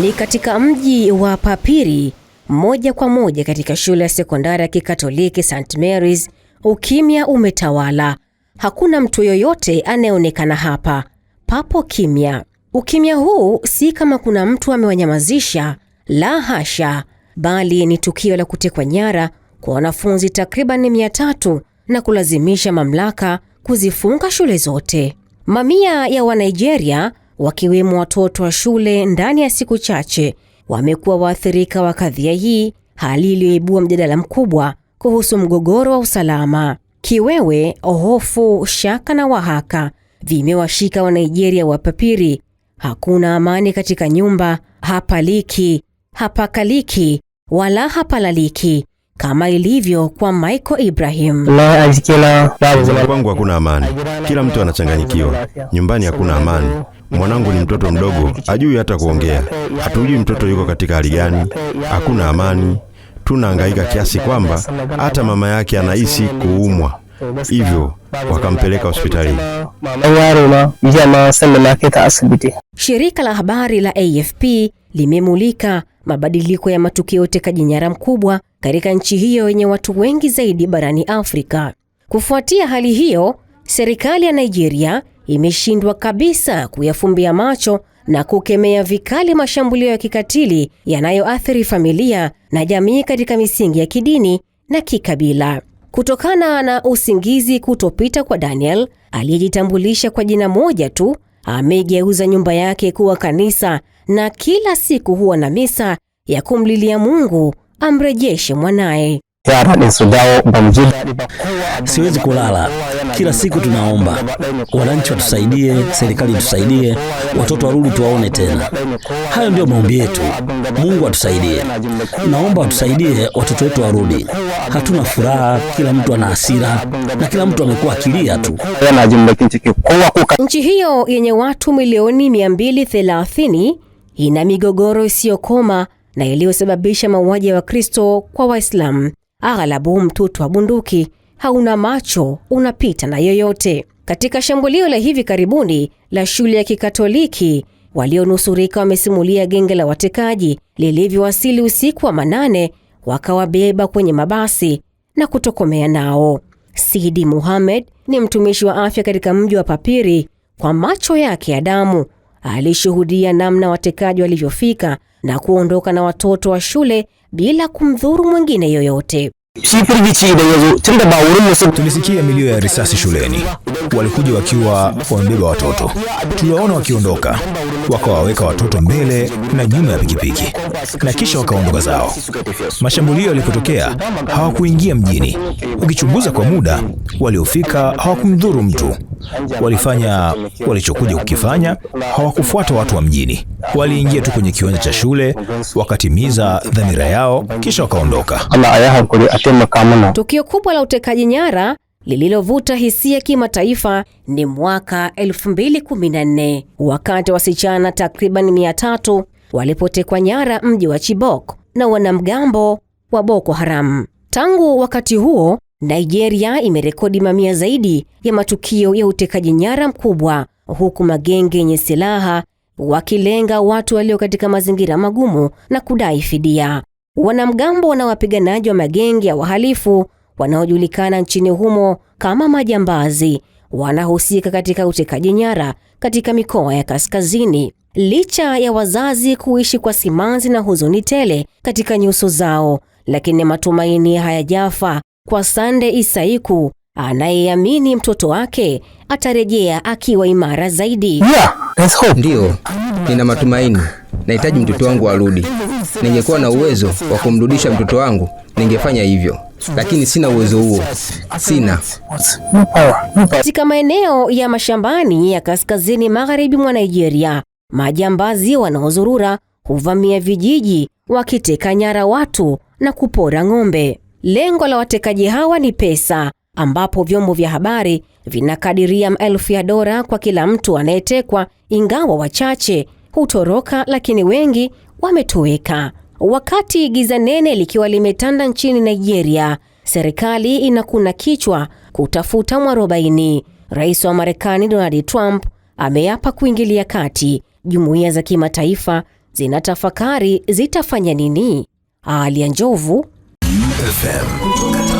Ni katika mji wa Papiri moja kwa moja katika shule ya sekondari ya Kikatoliki St Mary's, ukimya umetawala. Hakuna mtu yoyote anayeonekana hapa, papo kimya. Ukimya huu si kama kuna mtu amewanyamazisha, la hasha, bali ni tukio la kutekwa nyara kwa wanafunzi takriban mia tatu na kulazimisha mamlaka kuzifunga shule zote. Mamia ya Wanigeria wakiwemo watoto wa shule, ndani ya siku chache wamekuwa waathirika wa kadhia hii, hali iliyoibua mjadala mkubwa kuhusu mgogoro wa usalama. Kiwewe, hofu, shaka na wahaka vimewashika wa wapapiri. Hakuna amani katika nyumba, hapaliki, hapakaliki wala hapalaliki, kama ilivyo kwa Michael Ibrahim. Kwangu hakuna amani, kila mtu anachanganyikiwa. Nyumbani hakuna amani, mwanangu ni mtoto mdogo, ajui hata kuongea, hatujui mtoto yuko katika hali gani, hakuna amani. Tunahangaika kiasi kwamba hata mama yake anahisi kuumwa, hivyo wakampeleka hospitali. Shirika la habari la AFP limemulika mabadiliko ya matukio ya utekaji nyara mkubwa katika nchi hiyo yenye watu wengi zaidi barani Afrika. Kufuatia hali hiyo, serikali ya Nigeria imeshindwa kabisa kuyafumbia macho na kukemea vikali mashambulio ya kikatili yanayoathiri familia na jamii katika misingi ya kidini na kikabila. Kutokana na usingizi kutopita kwa Daniel aliyejitambulisha kwa jina moja tu, amegeuza nyumba yake kuwa kanisa na kila siku huwa na misa ya kumlilia Mungu amrejeshe mwanaye. Siwezi kulala, kila siku tunaomba wananchi watusaidie, serikali itusaidie, watoto warudi tuwaone tena. Hayo ndiyo maombi yetu. Mungu atusaidie, naomba watusaidie, watoto wetu warudi. Hatuna furaha, kila mtu ana hasira na kila mtu amekuwa akilia tu. Nchi hiyo yenye watu milioni 230 ina migogoro isiyokoma na iliyosababisha mauaji ya Wakristo kwa Waislamu Aghalabu mtutu wa bunduki hauna macho, unapita na yoyote. Katika shambulio la hivi karibuni la shule ya Kikatoliki, walionusurika wamesimulia genge la watekaji lilivyowasili usiku wa manane, wakawabeba kwenye mabasi na kutokomea nao. Sidi muhamed ni mtumishi wa afya katika mji wa Papiri. Kwa macho yake ya damu alishuhudia namna watekaji walivyofika na kuondoka na watoto wa shule bila kumdhuru mwingine yoyote. Tulisikia milio ya risasi shuleni, walikuja wakiwa wamebeba watoto. Tuliwaona wakiondoka, wakawaweka watoto mbele na nyuma ya pikipiki, na kisha wakaondoka zao. Mashambulio yalipotokea hawakuingia mjini. Ukichunguza kwa muda, waliofika hawakumdhuru mtu. Walifanya walichokuja kukifanya, hawakufuata watu wa mjini. Waliingia tu kwenye kiwanja cha shule, wakatimiza dhamira yao, kisha wakaondoka. Tukio kubwa la utekaji nyara lililovuta hisia kimataifa ni mwaka 2014 wakati wasichana takriban 300 walipotekwa nyara mji wa Chibok na wanamgambo wa Boko Haram. Tangu wakati huo Nigeria imerekodi mamia zaidi ya matukio ya utekaji nyara mkubwa, huku magenge yenye silaha wakilenga watu walio katika mazingira magumu na kudai fidia. Wanamgambo na wapiganaji wa magenge ya wahalifu wanaojulikana nchini humo kama majambazi wanahusika katika utekaji nyara katika mikoa ya kaskazini. Licha ya wazazi kuishi kwa simanzi na huzuni tele katika nyuso zao, lakini matumaini hayajafa kwa Sande Isaiku anayeamini mtoto wake atarejea akiwa imara zaidi. Yeah, ndiyo, nina matumaini. Nahitaji mtoto wangu arudi. Ningekuwa na uwezo wa kumrudisha mtoto wangu, ningefanya hivyo, lakini sina uwezo huo, sina. Katika maeneo ya mashambani ya kaskazini magharibi mwa Nigeria, majambazi wanaozurura huvamia vijiji wakiteka nyara watu na kupora ng'ombe. Lengo la watekaji hawa ni pesa, ambapo vyombo vya habari vinakadiria maelfu ya dola kwa kila mtu anayetekwa, ingawa wachache hutoroka, lakini wengi wametoweka. Wakati giza nene likiwa limetanda nchini Nigeria, serikali inakuna kichwa kutafuta mwarobaini. Rais wa Marekani Donald Trump ameapa kuingilia kati. Jumuiya za kimataifa zinatafakari zitafanya nini? Aalya Njovu, FM.